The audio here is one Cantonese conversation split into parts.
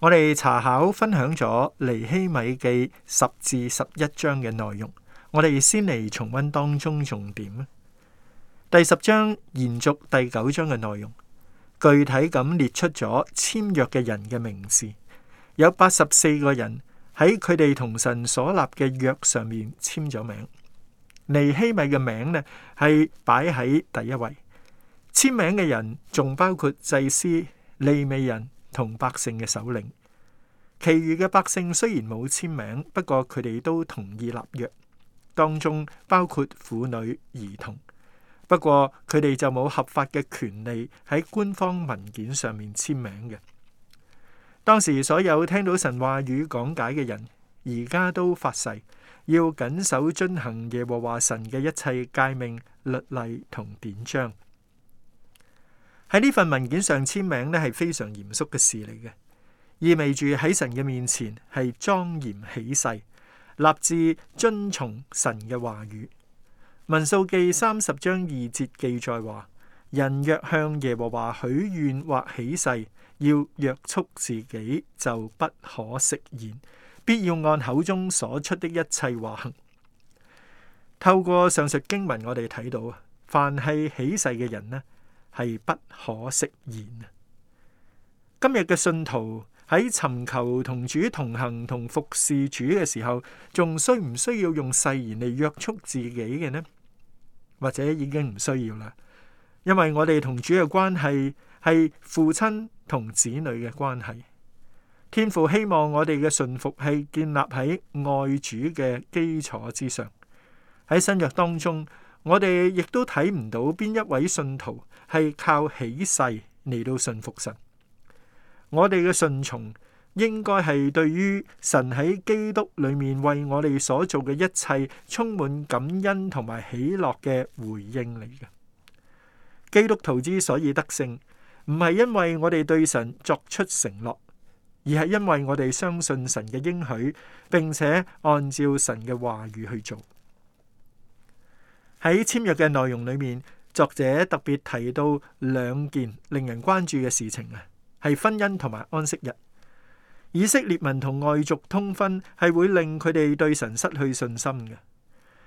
我哋查考分享咗尼希米記十至十一章嘅內容，我哋先嚟重溫當中重點。第十章延續第九章嘅內容，具體咁列出咗簽約嘅人嘅名字，有八十四個人喺佢哋同神所立嘅約上面簽咗名。尼希米嘅名呢，係擺喺第一位，簽名嘅人仲包括祭司、利未人。同百姓嘅首領，其餘嘅百姓雖然冇簽名，不過佢哋都同意立約，當中包括婦女、兒童。不過佢哋就冇合法嘅權利喺官方文件上面簽名嘅。當時所有聽到神話語講解嘅人，而家都發誓要謹守遵行耶和華神嘅一切誡命、律例同典章。喺呢份文件上簽名呢，係非常嚴肅嘅事嚟嘅，意味住喺神嘅面前係莊嚴起誓，立志遵從神嘅話語。民數記三十章二節記載話：人若向耶和華許願或起誓，要約束自己，就不可食言，必要按口中所出的一切話行。透過上述經文，我哋睇到啊，凡係起誓嘅人呢？係不可食言。今日嘅信徒喺尋求同主同行同服侍主嘅時候，仲需唔需要用誓言嚟約束自己嘅呢？或者已經唔需要啦，因為我哋同主嘅關係係父親同子女嘅關係，天父希望我哋嘅信服係建立喺愛主嘅基礎之上。喺新約當中，我哋亦都睇唔到邊一位信徒係靠起誓嚟到信服神。我哋嘅信從應該係對於神喺基督裏面為我哋所做嘅一切充滿感恩同埋喜樂嘅回應嚟嘅。基督徒之所以得勝，唔係因為我哋對神作出承諾，而係因為我哋相信神嘅應許，並且按照神嘅話語去做。喺簽約嘅內容裏面，作者特別提到兩件令人關注嘅事情啊，係婚姻同埋安息日。以色列民同外族通婚係會令佢哋對神失去信心嘅。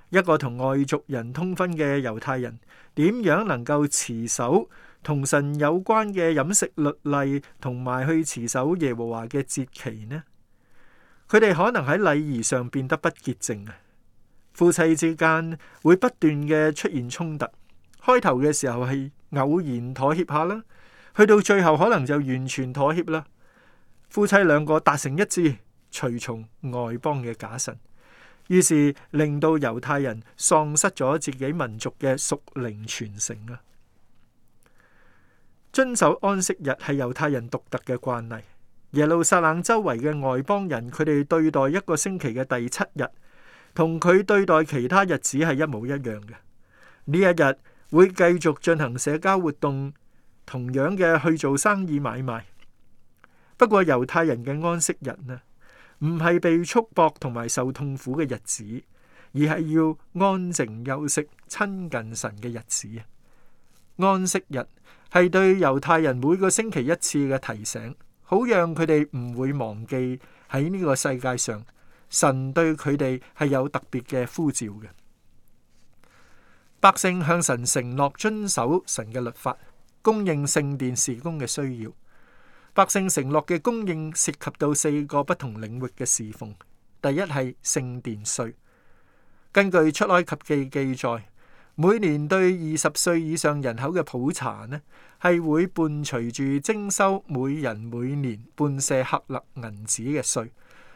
一個同外族人通婚嘅猶太人，點樣能夠持守同神有關嘅飲食律例，同埋去持守耶和華嘅節期呢？佢哋可能喺禮儀上變得不潔淨啊！夫妻之間會不斷嘅出現衝突，開頭嘅時候係偶然妥協下啦，去到最後可能就完全妥協啦。夫妻兩個達成一致，隨從外邦嘅假神，於是令到猶太人喪失咗自己民族嘅屬靈傳承啊！遵守安息日係猶太人獨特嘅慣例，耶路撒冷周圍嘅外邦人佢哋對待一個星期嘅第七日，同佢對待其他日子係一模一樣嘅。呢一日會繼續進行社交活動，同樣嘅去做生意買賣。不過猶太人嘅安息日呢，唔係被束縛同埋受痛苦嘅日子，而係要安靜休息、親近神嘅日子啊。安息日係對猶太人每個星期一次嘅提醒，好讓佢哋唔會忘記喺呢個世界上，神對佢哋係有特別嘅呼召嘅。百姓向神承諾遵守神嘅律法，供應聖殿事工嘅需要。百姓承諾嘅供應涉及到四個不同領域嘅侍奉。第一係聖殿稅。根據出埃及記記載，每年對二十歲以上人口嘅普查呢，係會伴隨住徵收每人每年半舍客勒銀紙嘅稅。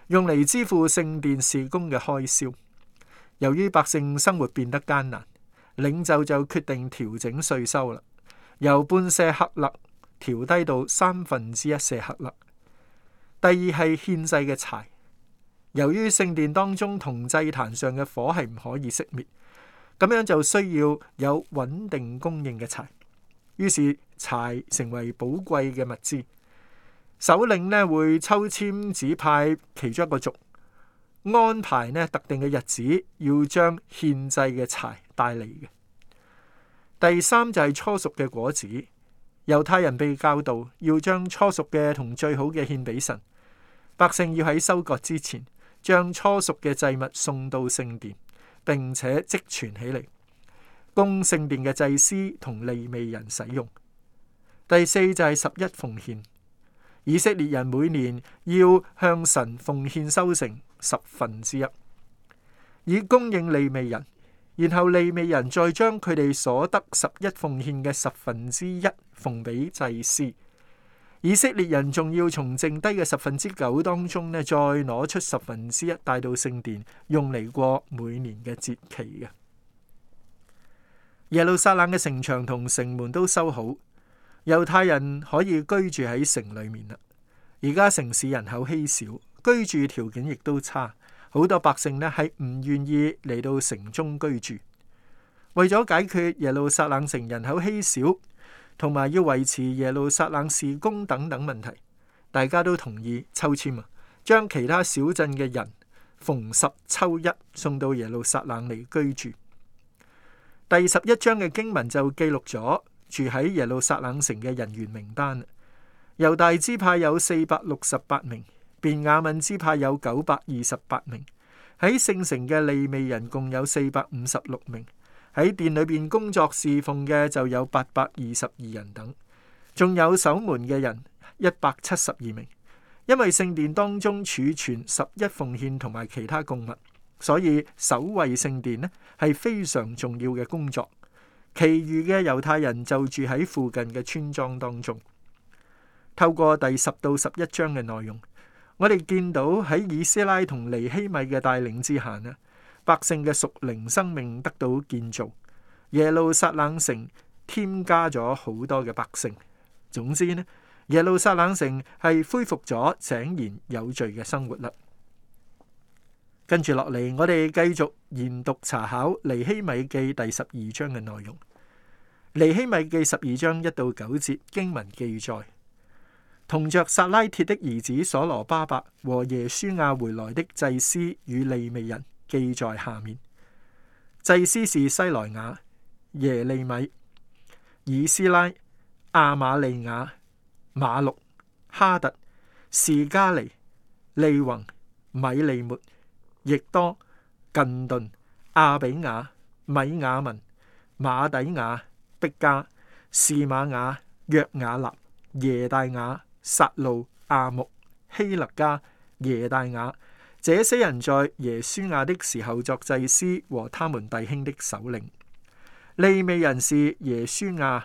用嚟支付聖殿事工嘅開銷。由於百姓生活變得艱難，領袖就決定調整稅收啦，由半舍克勒調低到三分之一舍克勒。第二係獻祭嘅柴。由於聖殿當中同祭壇上嘅火係唔可以熄滅，咁樣就需要有穩定供應嘅柴，於是柴成為寶貴嘅物資。首領咧會抽籤指派其中一個族，安排咧特定嘅日子，要將獻祭嘅柴帶嚟嘅。第三就係初熟嘅果子，猶太人被教導要將初熟嘅同最好嘅獻俾神。百姓要喺收割之前，將初熟嘅祭物送到聖殿，並且積存起嚟，供聖殿嘅祭司同利未人使用。第四就係十一奉獻。以色列人每年要向神奉獻收成十分之一，以供應利未人。然後利未人再將佢哋所得十一奉獻嘅十分之一奉俾祭司。以色列人仲要從剩低嘅十分之九當中呢，再攞出十分之一帶到聖殿，用嚟過每年嘅節期嘅。耶路撒冷嘅城牆同城門都修好。猶太人可以居住喺城裏面啦。而家城市人口稀少，居住條件亦都差，好多百姓咧係唔願意嚟到城中居住。為咗解決耶路撒冷城人口稀少，同埋要維持耶路撒冷事工等等問題，大家都同意抽簽啊，將其他小鎮嘅人逢十抽一送到耶路撒冷嚟居住。第十一章嘅經文就記錄咗。住喺耶路撒冷城嘅人員名單，猶大支派有四百六十八名，便雅憫支派有九百二十八名，喺聖城嘅利未人共有四百五十六名，喺殿裏邊工作侍奉嘅就有八百二十二人等，仲有守門嘅人一百七十二名。因為聖殿當中儲存十一奉獻同埋其他供物，所以守衛聖殿呢係非常重要嘅工作。其餘嘅猶太人就住喺附近嘅村莊當中。透過第十到十一章嘅內容，我哋見到喺以斯拉同尼希米嘅帶領之下呢，百姓嘅屬靈生命得到建造，耶路撒冷城添加咗好多嘅百姓。總之呢，耶路撒冷城係恢復咗井然有序嘅生活啦。跟住落嚟，我哋繼續研讀查考尼希米記第十二章嘅內容。尼希米記十二章一到九節經文記載，同着撒拉鐵的兒子所羅巴伯和耶書亞回來的祭司與利未人，記在下面。祭司是西萊雅、耶利米、以斯拉、阿瑪利亞、馬祿、哈特、士加尼、利宏、米利末、亦多、近頓、阿比亞、米亞文、馬底亞。畢加、士瑪雅、約雅立、耶大雅、撒路、阿木、希勒家、耶大雅，這些人在耶書亞的時候作祭司和他們弟兄的首領。利未人是耶書亞、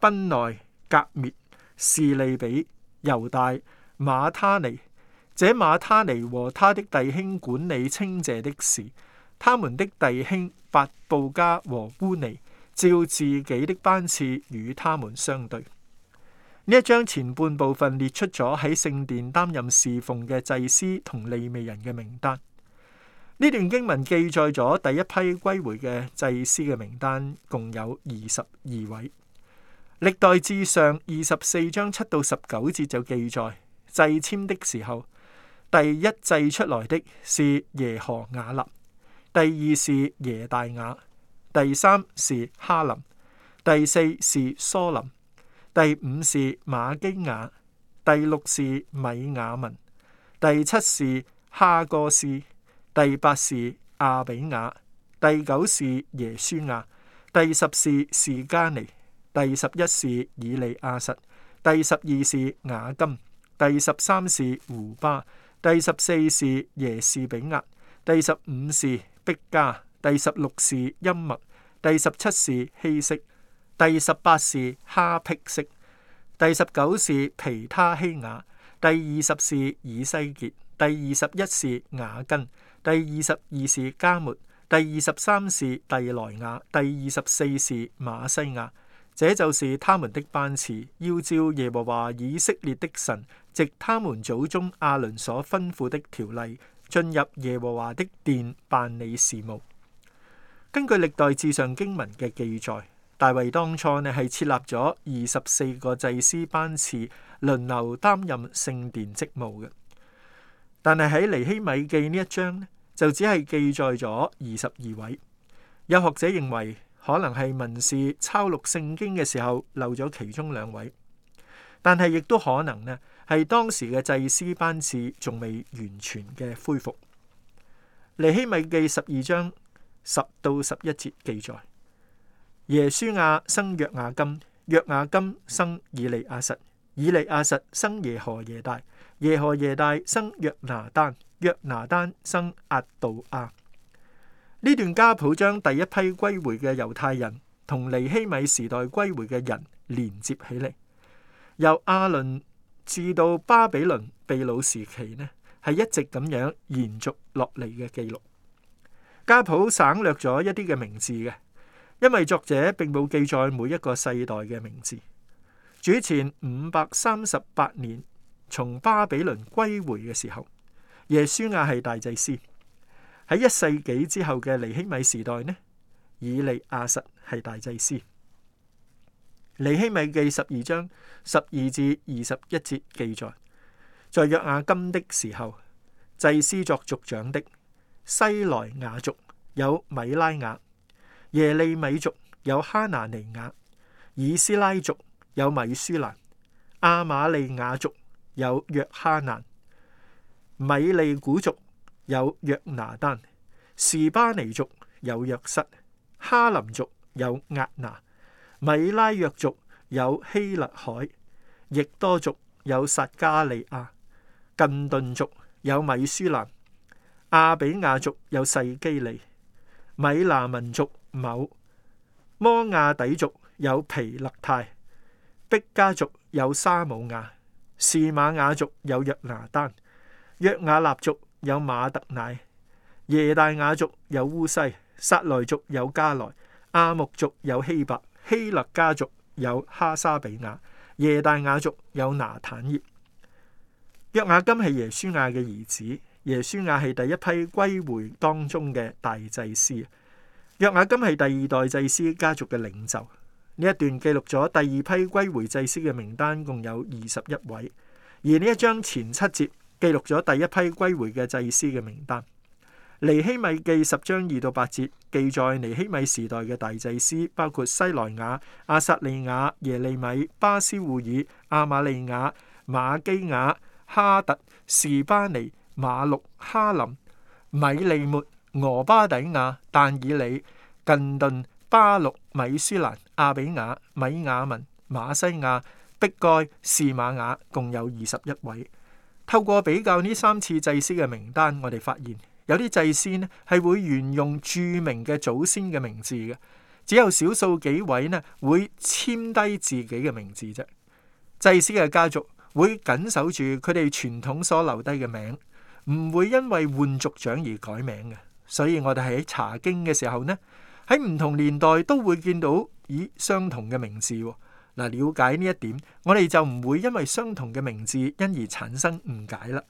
賓內、革滅、士利比、猶大、馬他尼。這馬他尼和他的弟兄管理稱謝的事，他們的弟兄法布加和烏尼。照自己的班次與他們相對。呢一張前半部分列出咗喺聖殿擔任侍奉嘅祭司同利未人嘅名單。呢段經文記載咗第一批歸回嘅祭司嘅名單，共有二十二位。歷代志上二十四章七到十九節就記載祭簽的時候，第一祭出來的是耶何雅立，第二是耶大雅。第三是哈林，第四是梭林，第五是瑪基雅，第六是米雅文，第七是哈個士，第八是亞比雅，第九是耶書亞，第十是士加尼，第十一是以利亞實，第十二是雅金，第十三是胡巴，第十四是耶士比押，第十五是碧加。第十六是音麥，第十七是希悉，第十八是哈辟悉，第十九是毗他希雅，第二十是以西結，第二十一是雅斤，第二十二是迦末，第二十三是第來雅，第二十四是瑪西亞。這就是他們的班次，要照耶和華以色列的神，藉他們祖宗亞倫所吩咐的條例，進入耶和華的殿辦理事務。根據歷代志上經文嘅記載，大衛當初呢係設立咗二十四個祭司班次輪流擔任聖殿職務嘅。但係喺尼希米記呢一章呢，就只係記載咗二十二位。有學者認為可能係文士抄錄聖經嘅時候漏咗其中兩位，但係亦都可能呢係當時嘅祭司班次仲未完全嘅恢復。尼希米記十二章。十到十一節記載：耶書亞生約亞金，約亞金生以利亞實，以利亞實生耶何耶大，耶何耶大生約拿單，約拿單生阿道亞。呢段家譜將第一批歸回嘅猶太人同尼希米時代歸回嘅人連接起嚟，由亞倫至到巴比倫被擄時期呢，係一直咁樣延續落嚟嘅記錄。家譜省略咗一啲嘅名字嘅，因為作者並冇記載每一個世代嘅名字。主前五百三十八年從巴比倫歸回嘅時候，耶書亞係大祭司。喺一世紀之後嘅尼希米時代呢，以利亞實係大祭司。尼希米記十二章十二至二十一節記載，在約雅金的時候，祭司作族長的。西萊雅族有米拉雅，耶利米族有哈拿尼雅，以斯拉族有米舒蘭，阿瑪利雅族有約哈難，米利古族有約拿丹，士巴尼族有約瑟，哈林族有亞拿，米拉約族有希勒海，易多族有撒迦利亞，近頓族有米舒蘭。亞比雅族有細基利，米拿民族某，摩亞底族有皮勒泰，畢家族有沙姆雅，士馬雅族有約拿單，約雅立族有馬特乃，耶大雅族有烏西，撒來族有加來，亞木族有希伯，希勒家族有哈沙比雅，耶大雅族有拿坦業，約雅金係耶書亞嘅兒子。耶書亞係第一批歸回當中嘅大祭司，約雅金係第二代祭司家族嘅領袖。呢一段記錄咗第二批歸回祭司嘅名單，共有二十一位。而呢一章前七節記錄咗第一批歸回嘅祭司嘅名單。尼希米記十章二到八節記載尼希米時代嘅大祭司，包括西萊亞、阿薩利亞、耶利米、巴斯胡爾、阿瑪利亞、馬基亞、哈特、士巴尼。馬六哈林、米利末、俄巴底亞、但以理、近頓、巴六、米舒蘭、阿比亞、米亞文、馬西亞、碧蓋、士瑪雅，共有二十一位。透過比較呢三次祭司嘅名單，我哋發現有啲祭司呢係會沿用著名嘅祖先嘅名字嘅，只有少數幾位呢會簽低自己嘅名字啫。祭司嘅家族會緊守住佢哋傳統所留低嘅名。唔會因為換族長而改名嘅，所以我哋喺查經嘅時候呢，喺唔同年代都會見到以相同嘅名字。嗱，了解呢一點，我哋就唔會因為相同嘅名字因而產生誤解啦。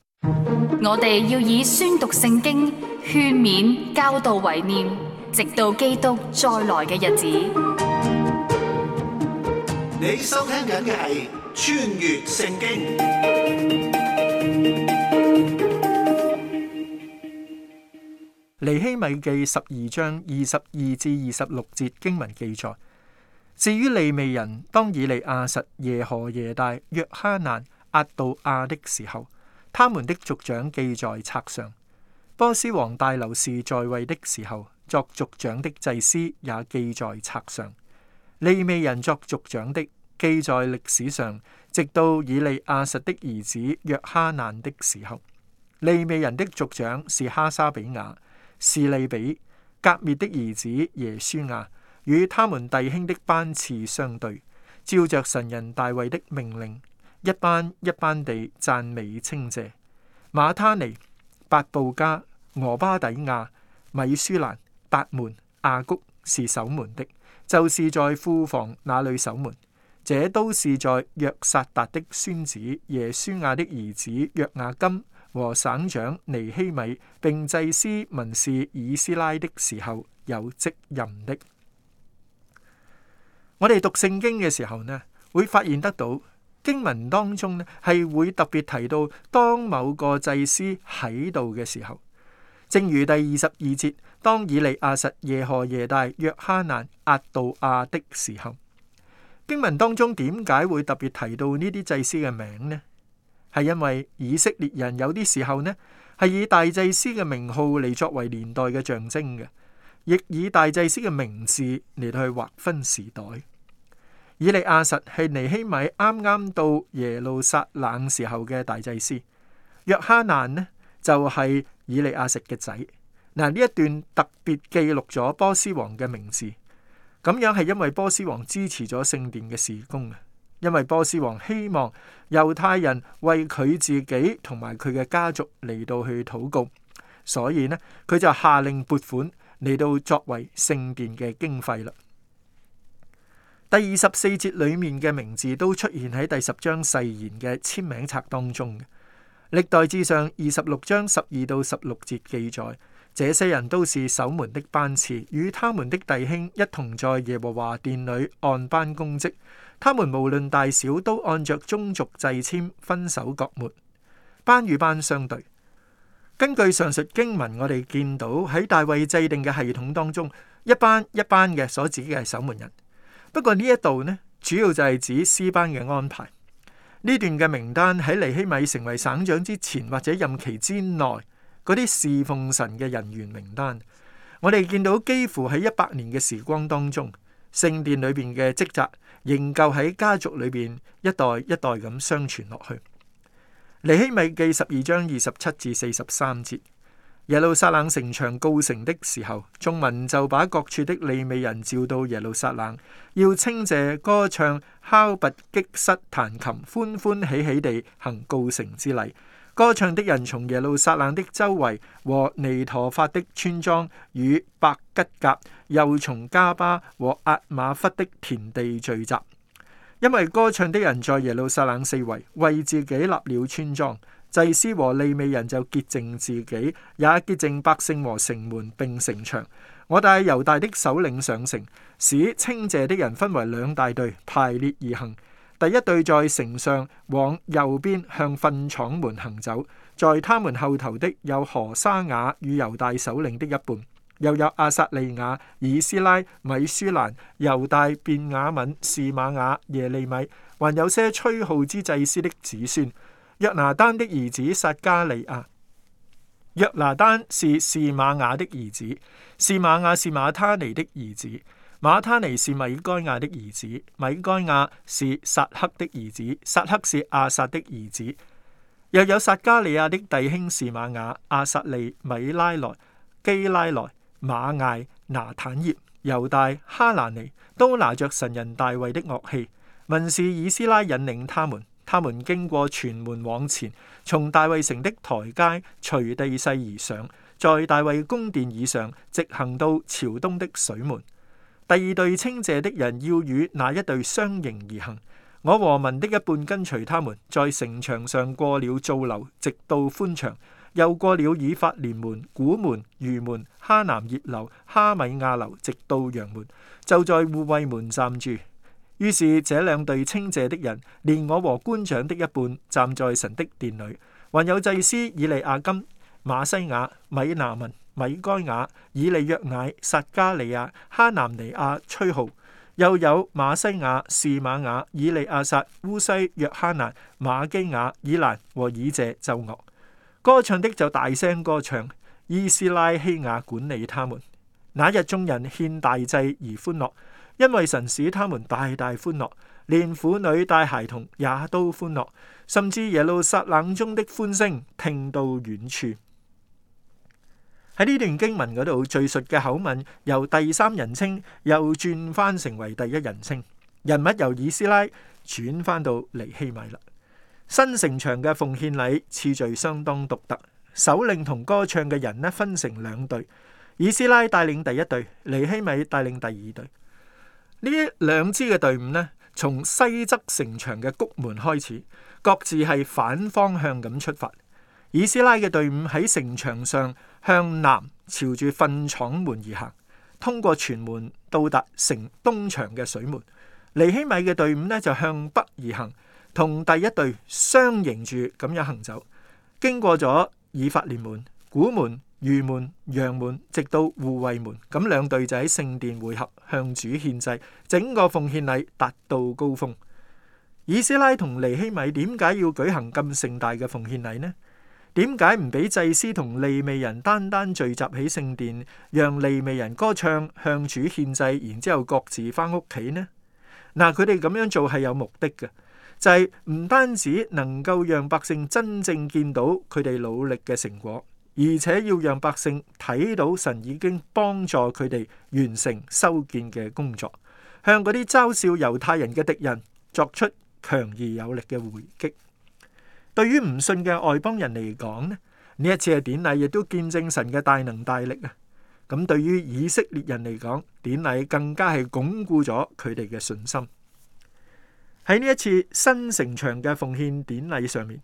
我哋要以宣讀聖經、勸勉、教導為念，直到基督再來嘅日子。你收聽緊嘅係《穿越聖經》。尼希米記十二章二十二至二十六節經文記載：至於利未人，當以利亞實、耶何耶大、約哈難、押杜亞的時候，他們的族長記在冊上。波斯王大流士在位的時候，作族長的祭司也記在冊上。利未人作族長的，記在歷史上，直到以利亞實的兒子約哈難的時候，利未人的族長是哈沙比雅。是利比革滅的兒子耶舒亞，與他們弟兄的班次相對，照着神人大衛的命令，一班一班地讚美稱謝。馬他尼、八布加、俄巴底亞、米舒蘭、八門、亞谷是守門的，就是在庫房那裏守門。這都是在約薩達的孫子耶舒亞的兒子約亞金。和省長尼希米並祭司文士以斯拉的時候有職任的。我哋讀聖經嘅時候呢，會發現得到經文當中呢係會特別提到，當某個祭司喺度嘅時候，正如第二十二節，當以利亞實、耶何耶大、約哈難、押杜亞的時候，經文當中點解會特別提到呢啲祭司嘅名呢？係因為以色列人有啲時候呢，係以大祭司嘅名號嚟，作為年代嘅象徵嘅，亦以大祭司嘅名字嚟去劃分時代。以利亞實係尼希米啱啱到耶路撒冷時候嘅大祭司，約哈難呢就係以利亞實嘅仔。嗱，呢一段特別記錄咗波斯王嘅名字，咁樣係因為波斯王支持咗聖殿嘅事工嘅。因為波斯王希望猶太人為佢自己同埋佢嘅家族嚟到去禱告，所以呢，佢就下令撥款嚟到作為聖殿嘅經費啦。第二十四節裏面嘅名字都出現喺第十章誓言嘅簽名冊當中嘅。歷代志上二十六章十二到十六節記載，這些人都是守門的班次，與他們的弟兄一同在耶和華殿裏按班供職。他們無論大小，都按着宗族掣籤分守各門，班與班相對。根據上述經文，我哋見到喺大衛制定嘅系統當中，一班一班嘅所指嘅係守門人。不過呢一度呢，主要就係指斯班嘅安排。呢段嘅名單喺尼希米成為省長之前或者任期之內，嗰啲侍奉神嘅人員名單，我哋見到幾乎喺一百年嘅時光當中。聖殿裏邊嘅職責仍舊喺家族裏邊一代一代咁相傳落去。尼希米記十二章二十七至四十三節，耶路撒冷城牆告成的時候，眾民就把各處的利未人召到耶路撒冷，要稱謝、歌唱、敲鈸、擊瑟、彈琴，歡歡喜喜地行告成之禮。歌唱的人從耶路撒冷的周圍和尼陀法的村莊與伯吉格，又從加巴和阿馬弗的田地聚集，因為歌唱的人在耶路撒冷四圍為自己立了村莊。祭司和利未人就潔淨自己，也潔淨百姓和城門並城牆。我帶猶大的首領上城，使清謝的人分為兩大隊排列而行。第一隊在城上往右邊向糞廠門行走，在他們後頭的有何沙雅與猶大首領的一半，又有亞撒利雅、以斯拉、米舒蘭、猶大、便雅憫、士馬雅、耶利米，還有些吹號之祭司的子孫。約拿單的兒子撒加利亞，約拿單是士馬雅的兒子，士馬雅是馬他尼的兒子。馬他尼是米該亞的兒子，米該亞是撒克的兒子，撒克是亞撒的兒子。又有撒加利亞的弟兄是瑪雅、亞撒利、米拉萊、基拉萊、馬艾、拿坦業、猶大、哈蘭尼，都拿着神人大衛的樂器。文士以斯拉引領他們，他們經過全門往前，從大衛城的台階隨地勢而上，在大衛宮殿以上，直行到朝東的水門。第二隊稱謝的人要與那一隊相迎而行，我和民的一半跟隨他們，在城牆上過了爐樓，直到寬牆，又過了以法蓮門、古門、魚門、哈楠業樓、哈米亞樓，直到羊門，就在護衛門站住。於是這兩隊稱謝的人，連我和官長的一半，站在神的殿裏，還有祭司以利亞金、瑪西雅、米拿民。米該雅、以利約乃、撒加利亞、哈南尼亞、吹號，又有馬西亞、士瑪雅、以利亞撒、烏西、約哈難、馬基雅、以蘭和以謝奏樂。歌唱的就大聲歌唱，以斯拉希亞管理他們。那日眾人獻大祭而歡樂，因為神使他們大大歡樂，連婦女帶孩童也都歡樂，甚至耶路撒冷中的歡聲聽到遠處。喺呢段經文嗰度敍述嘅口吻，由第三人稱又轉返成為第一人稱，人物由以斯拉轉返到尼希米啦。新城牆嘅奉獻禮次序相當獨特，首領同歌唱嘅人咧分成兩隊，以斯拉帶領第一隊，尼希米帶領第二隊。兩隊呢兩支嘅隊伍咧，從西側城牆嘅谷門開始，各自係反方向咁出發。以斯拉嘅隊伍喺城牆上向南朝住糞廠門而行，通過泉門到達城東牆嘅水門。尼希米嘅隊伍呢就向北而行，同第一隊相迎住咁樣行走，經過咗以法蓮門、古門、魚門，門、羊門，直到護衛門。咁兩隊就喺聖殿匯合，向主獻祭，整個奉獻禮達到高峰。以斯拉同尼希米點解要舉行咁盛大嘅奉獻禮呢？點解唔俾祭司同利未人單單聚集起聖殿，讓利未人歌唱、向主獻祭，然之後各自翻屋企呢？嗱，佢哋咁樣做係有目的嘅，就係唔單止能夠讓百姓真正見到佢哋努力嘅成果，而且要讓百姓睇到神已經幫助佢哋完成修建嘅工作，向嗰啲嘲笑猶太人嘅敵人作出強而有力嘅回擊。對於唔信嘅外邦人嚟講呢，呢一次嘅典禮亦都見證神嘅大能大力啊！咁對於以色列人嚟講，典禮更加係鞏固咗佢哋嘅信心。喺呢一次新城牆嘅奉獻典禮上面，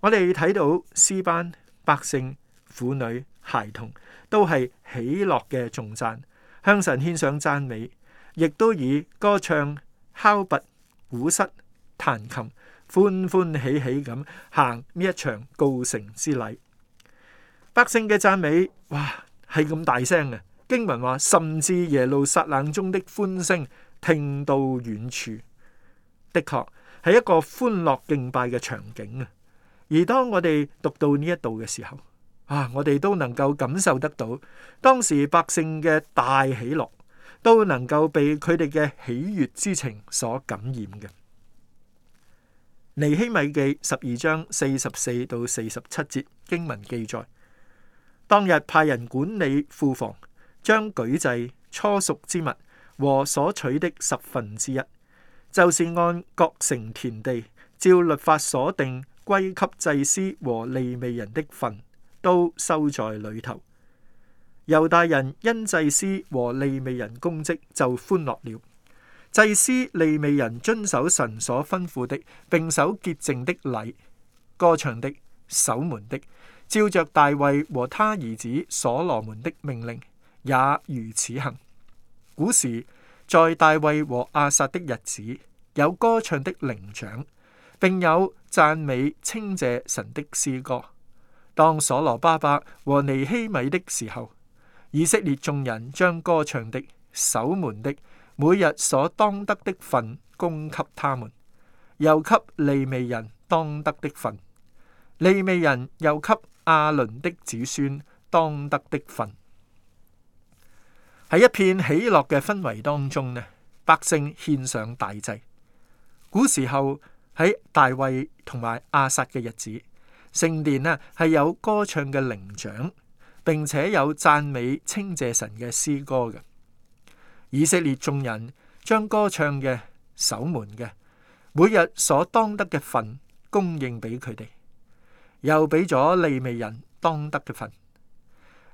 我哋睇到詩班、百姓、婦女、孩童都係喜樂嘅頌讚，向神獻上讚美，亦都以歌唱、敲鈸、鼓瑟、彈琴。歡歡喜喜咁行呢一場告成之禮，百姓嘅讚美，哇係咁大聲啊，經文話，甚至耶路撒冷中的歡聲聽到遠處，的確係一個歡樂敬拜嘅場景啊！而當我哋讀到呢一度嘅時候，啊，我哋都能夠感受得到當時百姓嘅大喜樂，都能夠被佢哋嘅喜悅之情所感染嘅。尼希米記十二章四十四到四十七節經文記載，當日派人管理庫房，將舉祭初熟之物和所取的十分之一，就是按各城田地照律法所定歸給祭司和利未人的份，都收在裏頭。猶大人因祭司和利未人供職就歡樂了。祭司利未人遵守神所吩咐的，並守潔淨的禮，歌唱的、守門的，照着大衛和他兒子所羅門的命令也如此行。古時在大衛和亞薩的日子，有歌唱的伶長，並有讚美稱謝神的詩歌。當所羅巴伯和尼希米的時候，以色列眾人將歌唱的、守門的。每日所當得的份供給他們，又給利未人當得的份，利未人又給亞倫的子孫當得的份。喺一片喜樂嘅氛圍當中呢，百姓獻上大祭。古時候喺大衛同埋亞薩嘅日子，聖殿呢係有歌唱嘅靈長，並且有讚美稱謝神嘅詩歌嘅。以色列眾人將歌唱嘅守門嘅每日所當得嘅份供應俾佢哋，又俾咗利未人當得嘅份，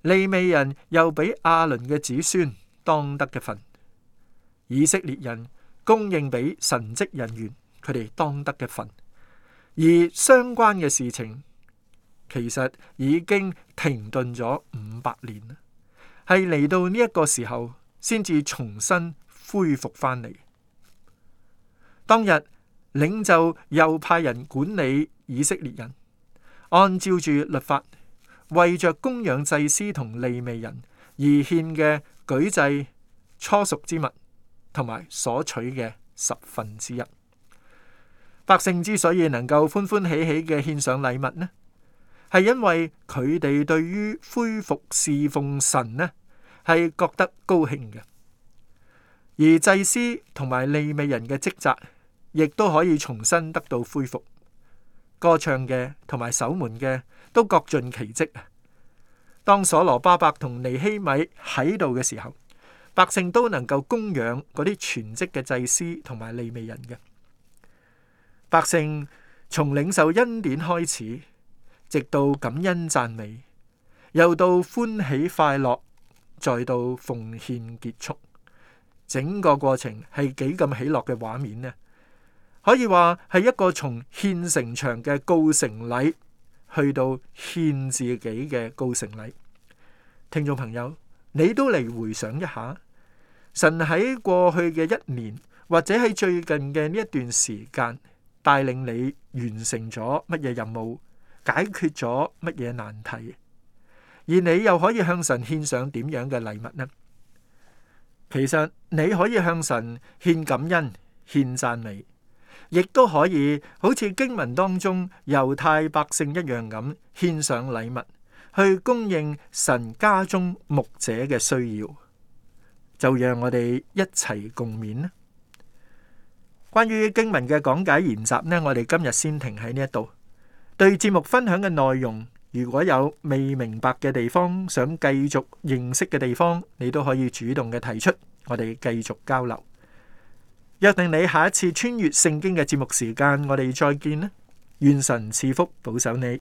利未人又俾亞倫嘅子孫當得嘅份，以色列人供應俾神職人員佢哋當得嘅份，而相關嘅事情其實已經停頓咗五百年啦。係嚟到呢一個時候，先至重新恢復翻嚟。當日領袖又派人管理以色列人，按照住律法，為着供養祭司同利未人而獻嘅舉祭初熟之物，同埋所取嘅十分之一。百姓之所以能夠歡歡喜喜嘅獻上禮物呢，係因為佢哋對於恢復侍奉神呢，係覺得高興嘅，而祭司同埋利未人嘅職責亦都可以重新得到恢復。歌唱嘅同埋守門嘅都各盡其職。當所羅巴伯同尼希米喺度嘅時候，百姓都能夠供養嗰啲全職嘅祭司同埋利未人嘅百姓，從領受恩典開始，直到感恩讚美，又到歡喜快樂。再到奉獻結束，整個過程係幾咁喜樂嘅畫面呢？可以話係一個從獻城牆嘅告成禮，去到獻自己嘅告成禮。聽眾朋友，你都嚟回想一下，神喺過去嘅一年，或者喺最近嘅呢一段時間，帶領你完成咗乜嘢任務，解決咗乜嘢難題？而你又可以向神獻上點樣嘅禮物呢？其實你可以向神獻感恩、獻讚美，亦都可以好似經文當中猶太百姓一樣咁獻上禮物，去供應神家中牧者嘅需要。就讓我哋一齊共勉啦。關於經文嘅講解研習呢，我哋今日先停喺呢一度。對節目分享嘅內容，如果有未明白嘅地方，想繼續認識嘅地方，你都可以主動嘅提出，我哋繼續交流。約定你下一次穿越聖經嘅節目時間，我哋再見啦！願神賜福，保守你。